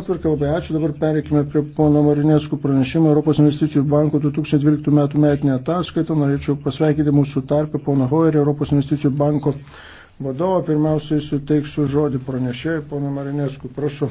darbotvarkę. Labai ačiū. Dabar pereikime prie pono Marinėskų pranešimo Europos investicijų banko 2012 metų metinė ataskaita. Norėčiau pasveikinti mūsų tarpę pono Hoerį, Europos investicijų banko vadovą. Pirmiausiai suteiksiu žodį pranešėjai, pono Marinėskų. Prašau.